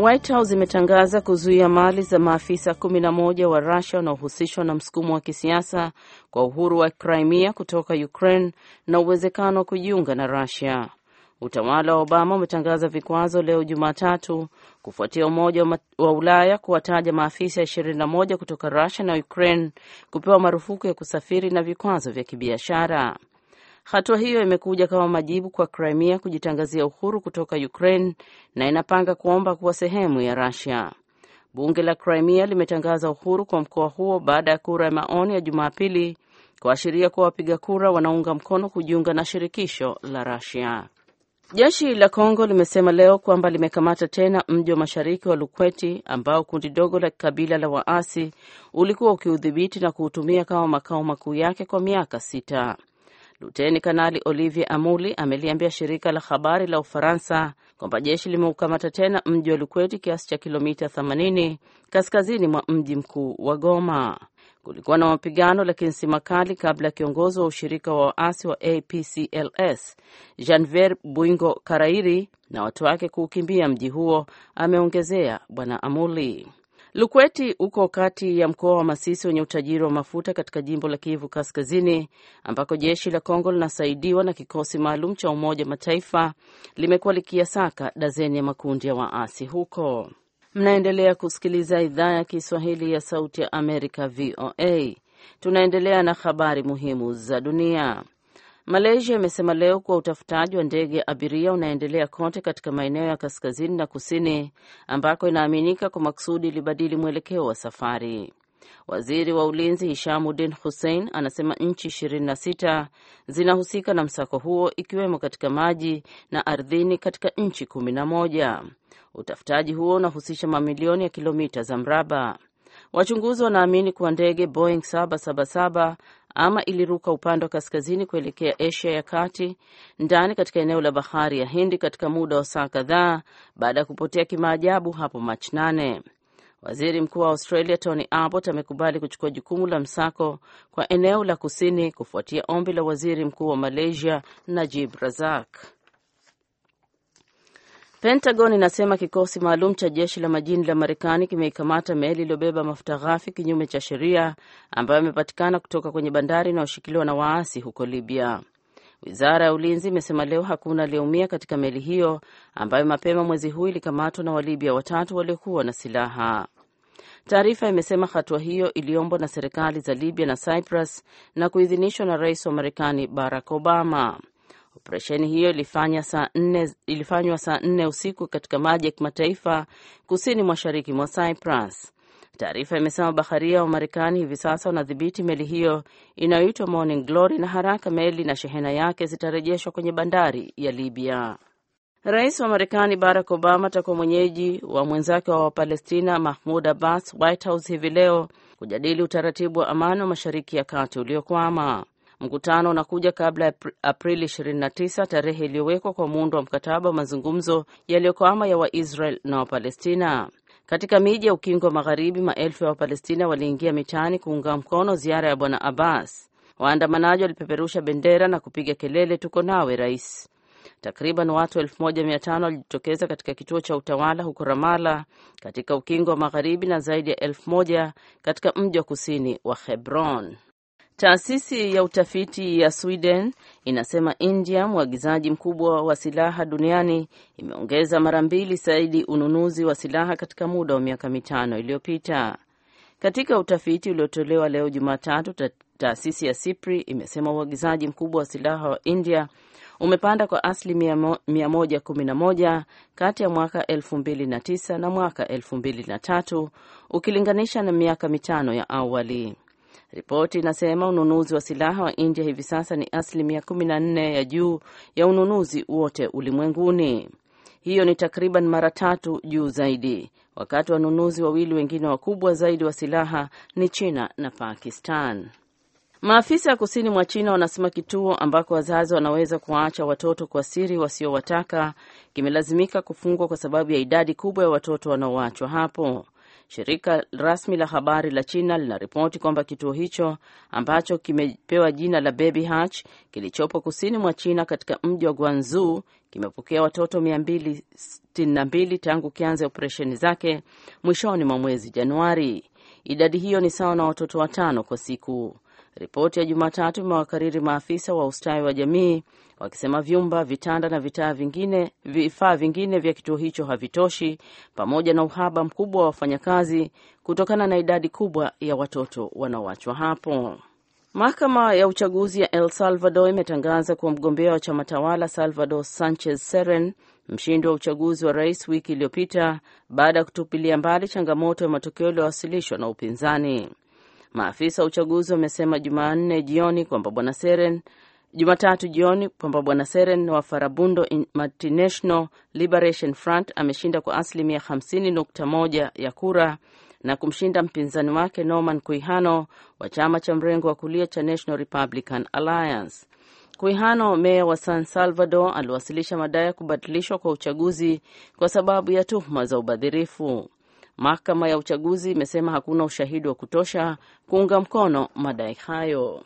White House imetangaza kuzuia mali za maafisa 11 wa Russia wanaohusishwa na msukumo wa kisiasa kwa uhuru wa Crimea kutoka Ukraine na uwezekano wa kujiunga na Russia. Utawala wa Obama umetangaza vikwazo leo Jumatatu kufuatia Umoja wa Ulaya kuwataja maafisa 21 kutoka Russia na Ukraine kupewa marufuku ya kusafiri na vikwazo vya kibiashara. Hatua hiyo imekuja kama majibu kwa Crimea kujitangazia uhuru kutoka Ukraine na inapanga kuomba kuwa sehemu ya Russia. Bunge la Crimea limetangaza uhuru kwa mkoa huo baada ya kura ya maoni ya Jumapili kuashiria kuwa wapiga kura wanaunga mkono kujiunga na shirikisho la Russia. Jeshi la Kongo limesema leo kwamba limekamata tena mji wa mashariki wa Lukweti ambao kundi dogo la kabila la waasi ulikuwa ukiudhibiti na kuutumia kama makao makuu yake kwa miaka sita. Luteni Kanali Olivier Amuli ameliambia shirika la habari la Ufaransa kwamba jeshi limeukamata tena mji wa Lukweti kiasi cha kilomita 80 kaskazini mwa mji mkuu wa Goma. Kulikuwa na mapigano lakini si makali kabla ya kiongozi wa ushirika wa waasi wa APCLS Janvier Bwingo Karairi na watu wake kuukimbia mji huo, ameongezea Bwana Amuli. Lukweti uko kati ya mkoa wa Masisi wenye utajiri wa mafuta katika jimbo la Kivu Kaskazini, ambako jeshi la Kongo linasaidiwa na kikosi maalum cha Umoja wa Mataifa limekuwa likiyasaka dazeni ya makundi ya waasi huko. Mnaendelea kusikiliza idhaa ya Kiswahili ya Sauti ya Amerika, VOA. Tunaendelea na habari muhimu za dunia. Malaysia imesema leo kuwa utafutaji wa ndege ya abiria unaendelea kote katika maeneo ya kaskazini na kusini ambako inaaminika kwa maksudi ilibadili mwelekeo wa safari. Waziri wa ulinzi Hishamuddin Hussein anasema nchi 26 zinahusika na msako huo ikiwemo katika maji na ardhini katika nchi 11. Utafutaji huo unahusisha mamilioni ya kilomita za mraba. Wachunguzi wanaamini kuwa ndege Boeing 777 ama iliruka upande wa kaskazini kuelekea Asia ya kati ndani katika eneo la bahari ya Hindi katika muda wa saa kadhaa baada ya kupotea kimaajabu hapo Machi 8. Waziri Mkuu wa Australia Tony Abbott amekubali kuchukua jukumu la msako kwa eneo la kusini kufuatia ombi la Waziri Mkuu wa Malaysia Najib Razak. Pentagon inasema kikosi maalum cha jeshi la majini la Marekani kimeikamata meli iliyobeba mafuta ghafi kinyume cha sheria ambayo imepatikana kutoka kwenye bandari inayoshikiliwa na waasi huko Libya. Wizara ya ulinzi imesema leo hakuna aliyeumia katika meli hiyo ambayo mapema mwezi huu ilikamatwa na Walibya watatu waliokuwa na silaha. Taarifa imesema hatua hiyo iliombwa na serikali za Libya na Cyprus na kuidhinishwa na rais wa Marekani Barack Obama. Operesheni hiyo ilifanywa saa nne, ilifanywa saa nne usiku katika maji ya kimataifa kusini mashariki mwa Cyprus. Taarifa imesema baharia wa Marekani hivi sasa wanadhibiti meli hiyo inayoitwa Morning Glory na haraka meli na shehena yake zitarejeshwa kwenye bandari ya Libya. Rais wa Marekani Barack Obama atakuwa mwenyeji wa mwenzake wa Wapalestina Mahmud Abbas White House hivi leo kujadili utaratibu wa amani wa Mashariki ya Kati uliokwama. Mkutano unakuja kabla ya Aprili 29, tarehe iliyowekwa kwa muundo wa mkataba wa mazungumzo yaliyokwama ya Waisrael na Wapalestina. Katika miji ya Ukingo wa Magharibi, maelfu ya Wapalestina waliingia mitaani kuunga mkono ziara ya Bwana Abbas. Waandamanaji walipeperusha bendera na kupiga kelele, tuko nawe rais. Takriban watu 1500 walijitokeza katika kituo cha utawala huko Ramala katika Ukingo wa Magharibi na zaidi ya 1000 katika mji wa kusini wa Hebron. Taasisi ya utafiti ya Sweden inasema India, mwagizaji mkubwa wa silaha duniani, imeongeza mara mbili zaidi ununuzi wa silaha katika muda wa miaka mitano iliyopita. Katika utafiti uliotolewa leo Jumatatu, taasisi ya SIPRI imesema uagizaji mkubwa wa silaha wa India umepanda kwa asilimia 111 kati ya mwaka 2009 na mwaka 2003 ukilinganisha na miaka mitano ya awali. Ripoti inasema ununuzi wa silaha wa India hivi sasa ni asilimia 14 ya juu ya ununuzi wote ulimwenguni. Hiyo ni takriban mara tatu juu zaidi, wakati wanunuzi wawili wengine wakubwa zaidi wa silaha ni China na Pakistan. Maafisa ya kusini mwa China wanasema kituo ambako wazazi wanaweza kuwaacha watoto kwa siri wasiowataka kimelazimika kufungwa kwa sababu ya idadi kubwa ya watoto wanaoachwa hapo. Shirika rasmi la habari la China linaripoti kwamba kituo hicho ambacho kimepewa jina la Baby Hatch kilichopo kusini mwa China katika mji wa Guangzhou kimepokea watoto 262 tangu kianze operesheni zake mwishoni mwa mwezi Januari. Idadi hiyo ni sawa na watoto watano kwa siku. Ripoti ya Jumatatu imewakariri maafisa wa ustawi wa jamii wakisema vyumba, vitanda na vitaa vingine, vifaa vingine vya kituo hicho havitoshi, pamoja na uhaba mkubwa wa wafanyakazi kutokana na idadi kubwa ya watoto wanaoachwa hapo. Mahakama ya uchaguzi ya El Salvador imetangaza kuwa mgombea wa chama tawala Salvador Sanchez Seren mshindi wa uchaguzi wa rais wiki iliyopita baada ya kutupilia mbali changamoto ya matokeo yaliyowasilishwa na upinzani. Maafisa wa uchaguzi wamesema Jumanne jioni kwamba bwana Seren Jumatatu jioni kwamba bwana Seren wa Farabundo Multinational Liberation Front ameshinda kwa asilimia 50.1 ya kura na kumshinda mpinzani wake Norman Kuihano wa chama cha mrengo wa kulia cha National Republican Alliance. Kuihano, meya wa San Salvador, aliwasilisha madai ya kubatilishwa kwa uchaguzi kwa sababu ya tuhuma za ubadhirifu. Mahakama ya uchaguzi imesema hakuna ushahidi wa kutosha kuunga mkono madai hayo.